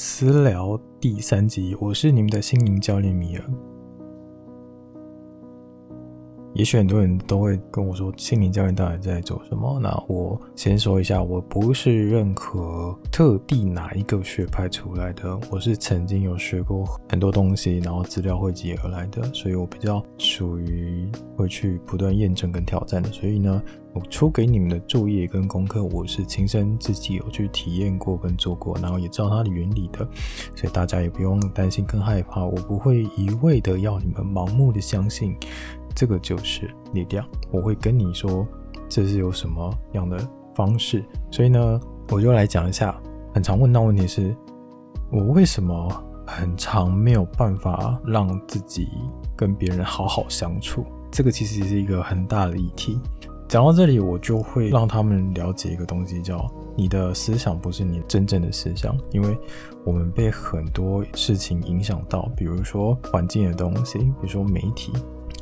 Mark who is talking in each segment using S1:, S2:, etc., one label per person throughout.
S1: 私聊第三集，我是你們的心靈教練米爾。也許很多人都會跟我說：“心靈教育到底在做什麼？”那我先說一下，我不是認可特地哪一個學派出來的，我是曾經有學過很多東西，然後資料匯集而來的，所以我比較屬於會去不斷驗證跟挑戰的。所以呢，我出給你們的作業跟功課，我是親身自己有去體驗過跟做過，然後也知道它的原理的，所以大家也不用擔心跟害怕，我不會一味的要你們盲目的相信。這個就是力量。我會跟你說，這是有什麼樣的方式。所以呢，我就來講一下很常問到問題是：我為什麼很常沒有辦法讓自己跟別人好好相處？這個其實是一個很大的議題。講到這裡，我就會讓他們了解一個東西叫，叫你的思想不是你真正的思想，因為我們被很多事情影響到，比如說環境的東西，比如說媒體。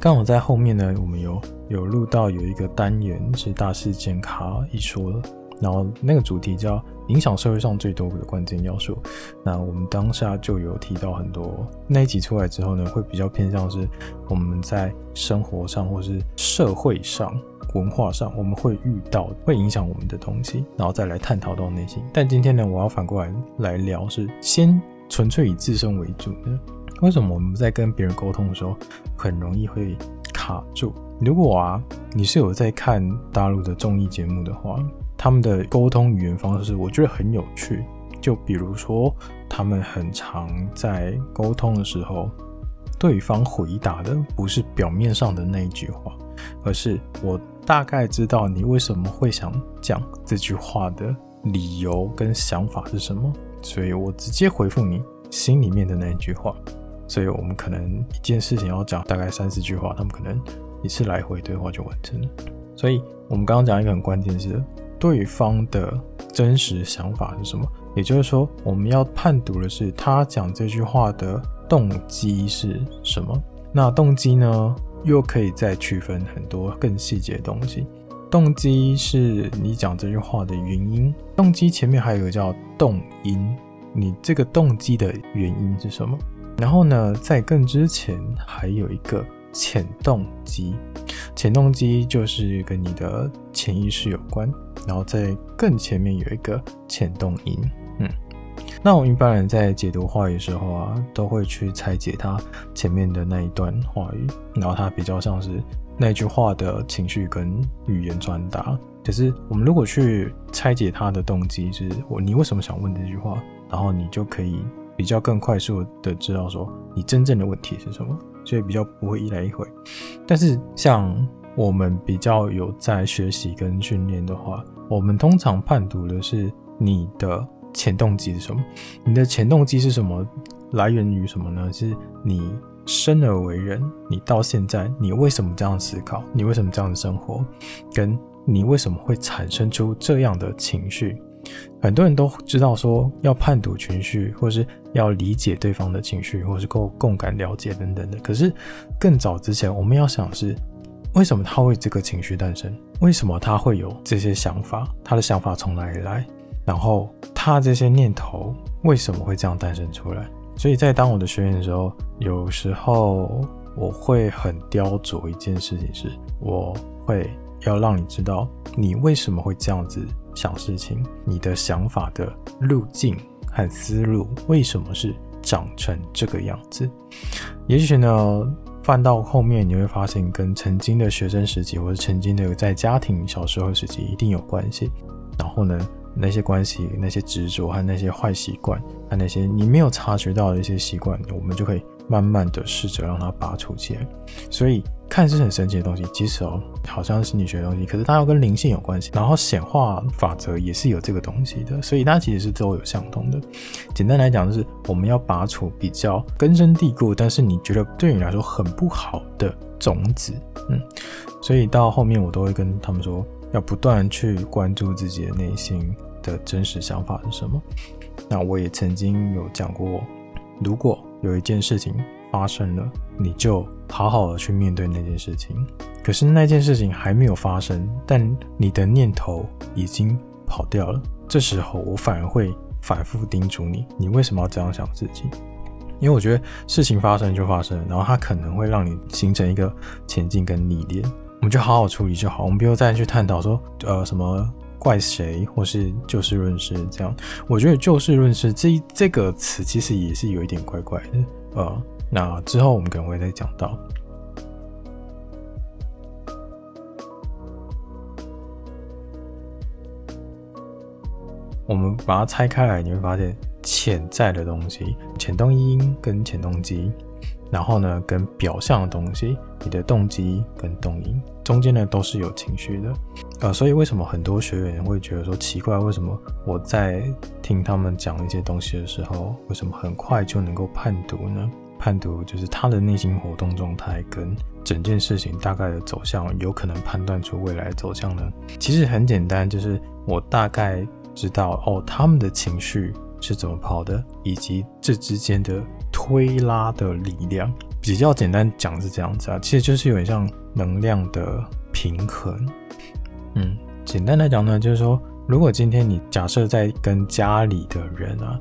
S1: 剛好在後面呢，我們有有錄到有一個單元是大事件卡一說，然後那個主題叫影響社會上最多的關鍵要素。那我們當下就有提到很多，那一集出來之後呢，會比較偏向是我們在生活上或是社會上、文化上，我們會遇到、會影響我們的東西，然後再來探討到內心。但今天呢，我要反過來來聊，是先純粹以自身為主的。為什麼我們在跟別人溝通的時候，很容易會卡住？如果啊，你是有在看大陸的綜藝節目的話，他們的溝通語言方式我覺得很有趣。就比如說，他們很常在溝通的時候，對方回答的不是表面上的那一句話，而是我大概知道你為什麼會想講這句話的理由跟想法是什麼。所以我直接回復你心裡面的那一句話。所以我們可能一件事情要講大概三四句話，他們可能一次來回對話就完成了。所以我們剛剛講一個很關鍵，是對方的真實想法是什麼。也就是說，我們要判讀的是他講這句話的動機是什麼。那動機呢，又可以再區分很多更細節的東西。動機是你講這句話的原因。動機前面還有一個叫動因，你這個動機的原因是什麼？然後呢，在更之前還有一個潛動機，潛動機就是跟你的潛意識有關。然後在更前面有一個潛動因。嗯，那我們一般人在解讀話語的時候啊，都會去拆解它前面的那一段話語，然後它比較像是那句話的情緒跟語言傳達。可是我們如果去拆解它的動機是，是我你為什麼想問這句話，然後你就可以。比較更快速的知道說你真正的問題是什麼，所以比較不會一來一回。但是像我們比較有在學習跟訓練的話，我們通常判讀的是你的潛動機是什麼？你的潛動機是什麼？來源於什麼呢？是你生而為人，你到現在，你為什麼這樣思考？你為什麼這樣的生活？跟你為什麼會產生出這樣的情緒？很多人都知道說要判讀情緒，或是要理解對方的情緒，或是夠共感、了解等等的。可是更早之前，我們要想的是為什麼他會這個情緒誕生？為什麼他會有這些想法？他的想法從哪裡來？然後他這些念頭為什麼會這樣誕生出來？所以在當我的學員的時候，有時候我會很雕琢一件事情是，是我會要讓你知道你為什麼會這樣子。想事情，你的想法的路徑和思路，為什麼是長成這個樣子？也許呢，放到後面你會發現，跟曾經的學生時期，或者曾經的在家庭小時候時期一定有關係。然後呢，那些關係、那些執着和那些壞習慣，和那些你沒有察覺到的一些習慣，我們就可以慢慢的試着讓它拔除起來。所以。看似很神奇的東西，其實哦，好像是心理學的東西，可是它要跟靈性有關係，然後顯化法則也是有這個東西的，所以它其實是都有相通的。簡單來講，就是我們要拔除比較根深蒂固，但是你覺得對你來說很不好的種子，嗯，所以到後面我都會跟他們說，要不斷去關注自己的內心的真實想法是什麼。那我也曾經有講過，如果有一件事情。發生了，你就好好的去面對那件事情。可是那件事情還沒有發生，但你的念頭已經跑掉了。這時候我反而會反複叮囑你，你為什麼要這樣想自己？因為我覺得事情發生就發生，然後它可能會讓你形成一個前進跟逆練。我們就好好處理就好，我們不用再去探討說，呃，什麼怪誰，或是就事論事這樣。我覺得就事論事這這個詞其實也是有一點怪怪的，呃。那之後我們可能會再講到，我們把它拆開來，你會發現潛在的東西、潛動因跟潛動機，然後呢，跟表象的東西、你的動機跟動因中間呢都是有情緒的。啊，所以為什麼很多學員會覺得說奇怪？為什麼我在聽他們講一些東西的時候，為什麼很快就能夠判讀呢？判讀就是他的內心活動狀態跟整件事情大概的走向，有可能判斷出未來的走向呢？其實很簡單，就是我大概知道哦，他們的情緒是怎麼跑的，以及這之間的推拉的力量。比較簡單講是這樣子啊，其實就是有點像能量的平衡。嗯，簡單來講呢，就是說，如果今天你假設在跟家裡的人啊。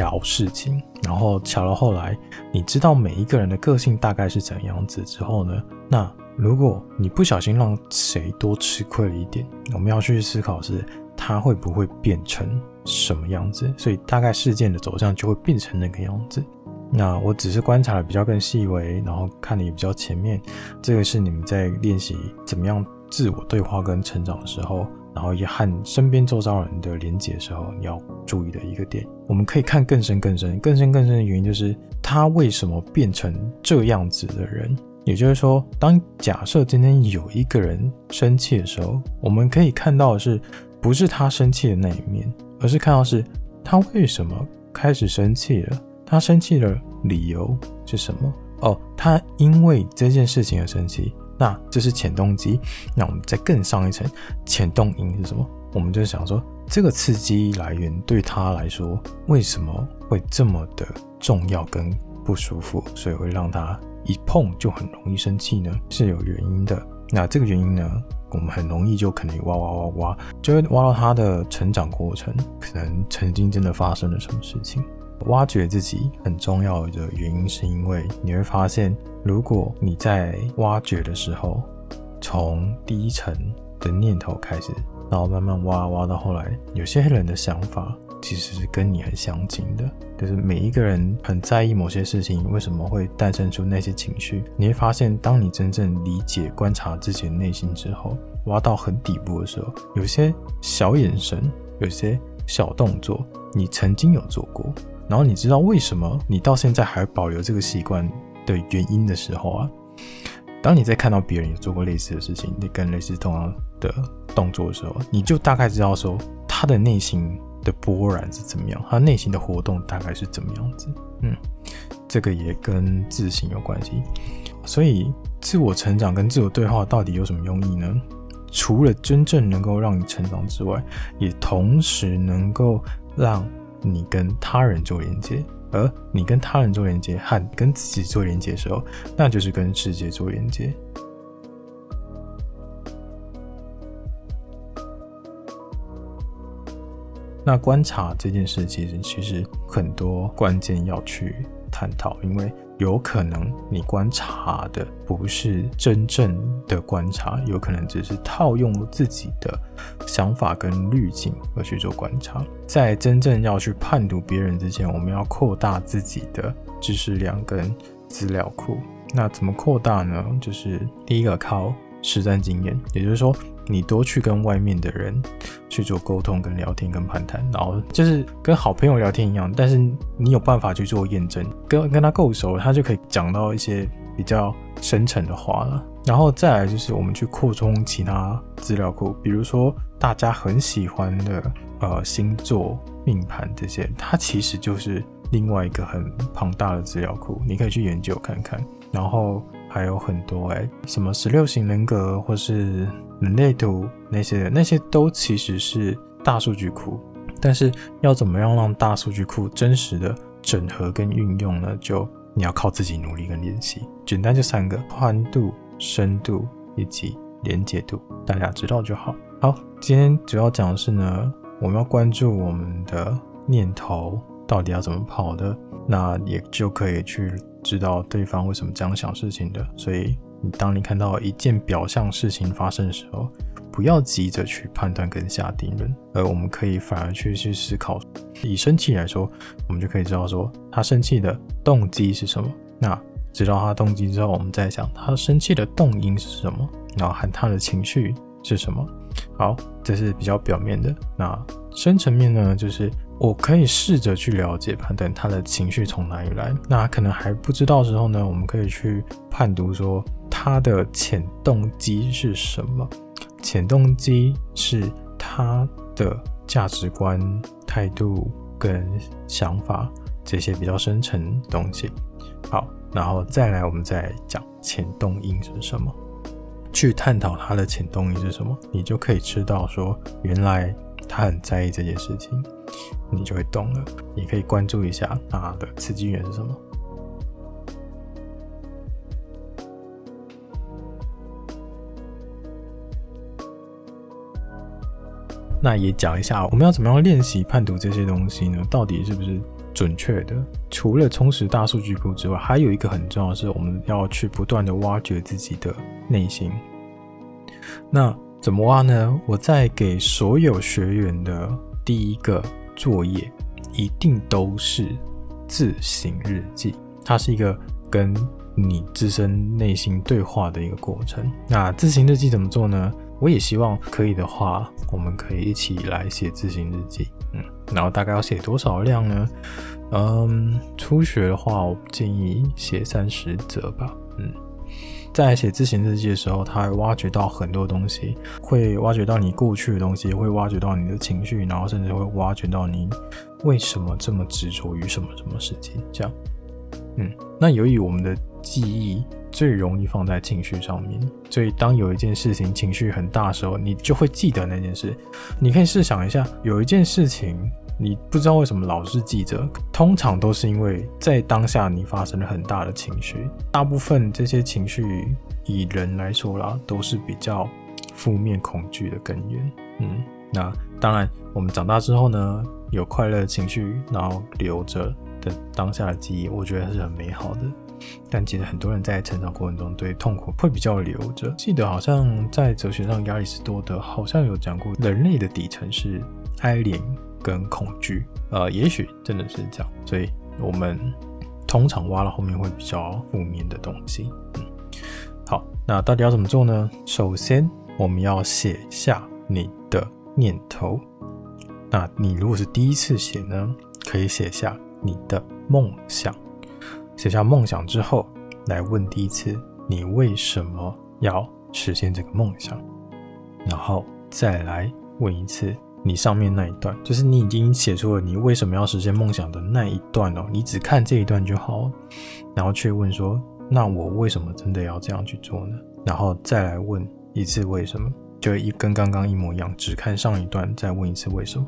S1: 調事情，然後調到後來，你知道每一個人的個性大概是怎樣子之後呢？那如果你不小心讓誰多吃虧了一點，我們要去思考，是他會不會變成什麼樣子，所以大概事件的走向就會變成那個樣子。那我只是觀察的比較更細微，然後看的也比較全面。這個是你們在練習怎麼樣自我對話跟成長的時候。然後也和身邊周遭人的連接的時候，你要注意的一個點。我們可以看更深、更深、更深、更深的原因，就是他為什麼變成這樣子的人。也就是說，當假設今天有一個人生氣的時候，我們可以看到的是，不是他生氣的那一面，而是看到的是他為什麼開始生氣了，他生氣的理由是什麼？哦，他因為這件事情而生氣。那這是潛動機，那我們再更上一層，潛動因是什麼？我們就想說，這個刺激來源對他來說，為什麼會這麼的重要跟不舒服？所以會讓他一碰就很容易生氣呢？是有原因的。那這個原因呢，我們很容易就可能挖挖挖挖，就會挖到他的成長過程，可能曾經真的發生了什麼事情。挖掘自己很重要的原因，是因為你會發現，如果你在挖掘的時候，從第一層的念頭開始，然後慢慢挖挖到後來，有些人的想法其實是跟你很相近的。就是每一個人很在意某些事情，為什麼會誕生出那些情緒？你會發現，當你真正理解、觀察自己的內心之後，挖到很底部的時候，有些小眼神，有些小動作，你曾經有做過。然後你知道為什麼你到現在還保留這個習慣的原因的時候啊，當你在看到別人有做過類似的事情，你跟類似同樣的動作的時候，你就大概知道說他的內心的波瀾是怎麼樣，他內心的活動大概是怎麼樣子。嗯，這個也跟自省有關係。所以自我成長跟自我對話到底有什麼用意呢？除了真正能夠讓你成長之外，也同時能夠讓。你跟他人做連接，而你跟他人做連接和跟自己做連接的時候，那就是跟世界做連接。那觀察這件事情，其實其實很多關鍵要去。探討，因為有可能你觀察的不是真正的觀察，有可能只是套用自己的想法跟濾鏡而去做觀察。在真正要去判讀別人之前，我們要擴大自己的知識量跟資料庫。那怎麼擴大呢？就是第一個靠實戰經驗，也就是說。你多去跟外面的人去做溝通、跟聊天、跟攀談，然後就是跟好朋友聊天一樣，但是你有辦法去做驗證，跟跟他夠熟，他就可以講到一些比較深層的話了。然後再來就是我們去擴充其他資料庫，比如說大家很喜歡的呃星座命盤這些，它其實就是另外一個很龐大的資料庫，你可以去研究看看，然後。還有很多哎，什麼十六型人格或是人類圖那些，那些都其實是大數據庫。但是要怎麼樣讓大數據庫真實的整合跟運用呢？就你要靠自己努力跟練習。簡單就三個：寬度、深度以及連接度。大家知道就好。好，今天主要講的是呢，我們要關注我們的念頭到底要怎麼跑的，那也就可以去。知道對方為什麼這樣想事情的，所以你當你看到一件表象事情發生的時候，不要急着去判斷跟下定論，而我們可以反而去去思考。以生氣來說，我們就可以知道說他生氣的動機是什麼。那知道他動機之後，我們再想他生氣的動因是什麼，然後喊他的情緒是什麼。好，這是比較表面的。那深層面呢，就是。我可以試着去了解、判斷他的情緒從哪裡來。那可能還不知道的時候呢，我們可以去判讀說他的潛動機是什麼。潛動機是他的價值觀、態度跟想法這些比較深層東西。好，然後再來，我們再講潛動因是什麼，去探討他的潛動因是什麼，你就可以知道說原來。他很在意這件事情，你就會懂了。你可以關注一下他的刺激源是什麼。那也講一下，我們要怎麼樣練習判讀這些東西呢？到底是不是準確的？除了充實大數據庫之外，還有一個很重要，是我們要去不斷的挖掘自己的內心。那。怎麼挖呢？我在給所有學員的第一個作業，一定都是自省日記。它是一個跟你自身內心對話的一個過程。那自省日記怎麼做呢？我也希望可以的話，我們可以一起來寫自省日記。嗯，然後大概要寫多少量呢？嗯，初學的話，我建議寫三十則吧。在寫自省日記的時候，他會挖掘到很多東西，會挖掘到你過去的東西，會挖掘到你的情緒，然後甚至會挖掘到你為什麼這麼執着於什麼什麼事情。這樣，嗯，那由於我們的記憶最容易放在情緒上面，所以當有一件事情情緒很大的時候，你就會記得那件事。你可以試想一下，有一件事情。你不知道為什麼老是記着，通常都是因為在當下你發生了很大的情緒，大部分這些情緒以人來說啦，都是比較負面恐懼的根源。嗯，那當然，我們長大之後呢，有快樂的情緒，然後留着的當下的記憶，我覺得還是很美好的。但其實很多人在，在成長過程中，對痛苦會比較留着記得。好像在哲學上，亞里士多德好像有講過，人類的底層是哀憐，跟恐懼，呃，也許真的是這樣，所以我們通常挖到後面會比較負面的東西。嗯，好，那到底要怎麼做呢？首先，我們要寫下你的念頭。那你如果是第一次寫呢，可以寫下你的夢想。寫下夢想之後，來問第一次你為什麼要實現這個夢想，然後再來問一次。你上面那一段，就是你已經寫出了你為什麼要實現夢想的那一段哦。你只看這一段就好，然後去問說：“那我為什麼真的要這樣去做呢？”然後再來問一次為什麼，就一跟剛剛一模一樣，只看上一段再問一次為什麼。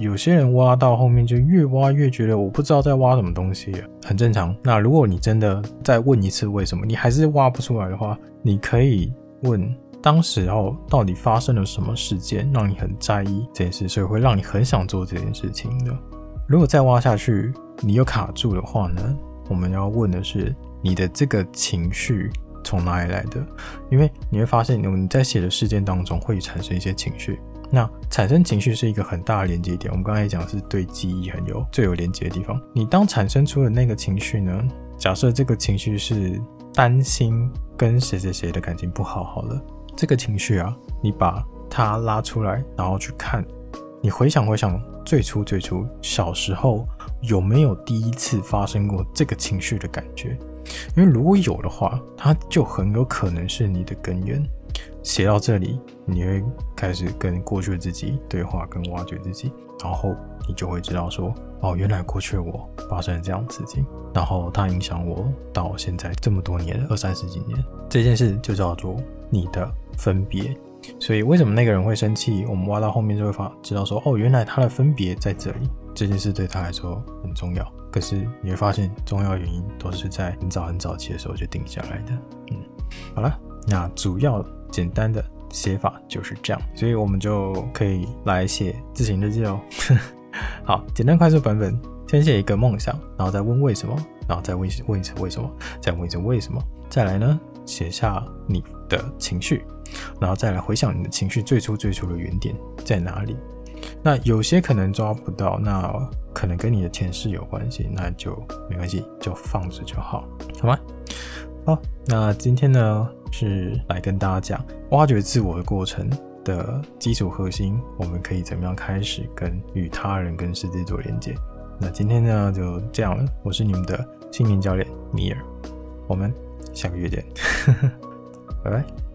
S1: 有些人挖到後面就越挖越覺得我不知道在挖什麼東西，很正常。那如果你真的再問一次為什麼，你還是挖不出來的話，你可以問。當時候到底發生了什麼事件，讓你很在意這件事，所以會讓你很想做這件事情的？如果再挖下去，你又卡住的話呢？我們要問的是，你的這個情緒從哪裡來的？因為你會發現，你在寫的事件當中會產生一些情緒。那產生情緒是一個很大的連接點。我們剛才講是對記憶很有最有連接的地方。你當產生出了那個情緒呢？假設這個情緒是。擔心跟誰誰誰的感情不好，好了，這個情緒啊，你把它拉出來，然後去看，你回想回想最初最初小時候有沒有第一次發生過這個情緒的感覺？因為如果有的話，它就很有可能是你的根源。寫到這裡，你會開始跟過去的自己對話，跟挖掘自己，然後你就會知道說。哦，原來過去我發生了這樣的事情，然後它影響我到現在這麼多年，二三十幾年，這件事就叫做你的分別。所以為什麼那個人會生氣？我們挖到後面就會發知道說，哦，原來他的分別在這裡，這件事對他來說很重要。可是你會發現，重要原因都是在很早很早期的時候就定下來的。嗯，好了，那主要簡單的寫法就是這樣，所以我們就可以來寫自省日記哦。 好，簡單快速版本，先寫一個夢想，然後再問為什麼，然後再問問一次為什麼，再問一次為什麼，再來呢，寫下你的情緒，然後再來回想你的情緒最初最初的原點在哪裡。那有些可能抓不到，那可能跟你的前世有關係，那就沒關係，就放着就好，好嗎？好，那今天呢，是來跟大家講挖掘自我的過程的基礎核心，我們可以怎麼樣開始跟與他人、跟世界做連接？那今天呢，就這樣了。我是你們的青年教練米爾，我們下個月見， 拜拜。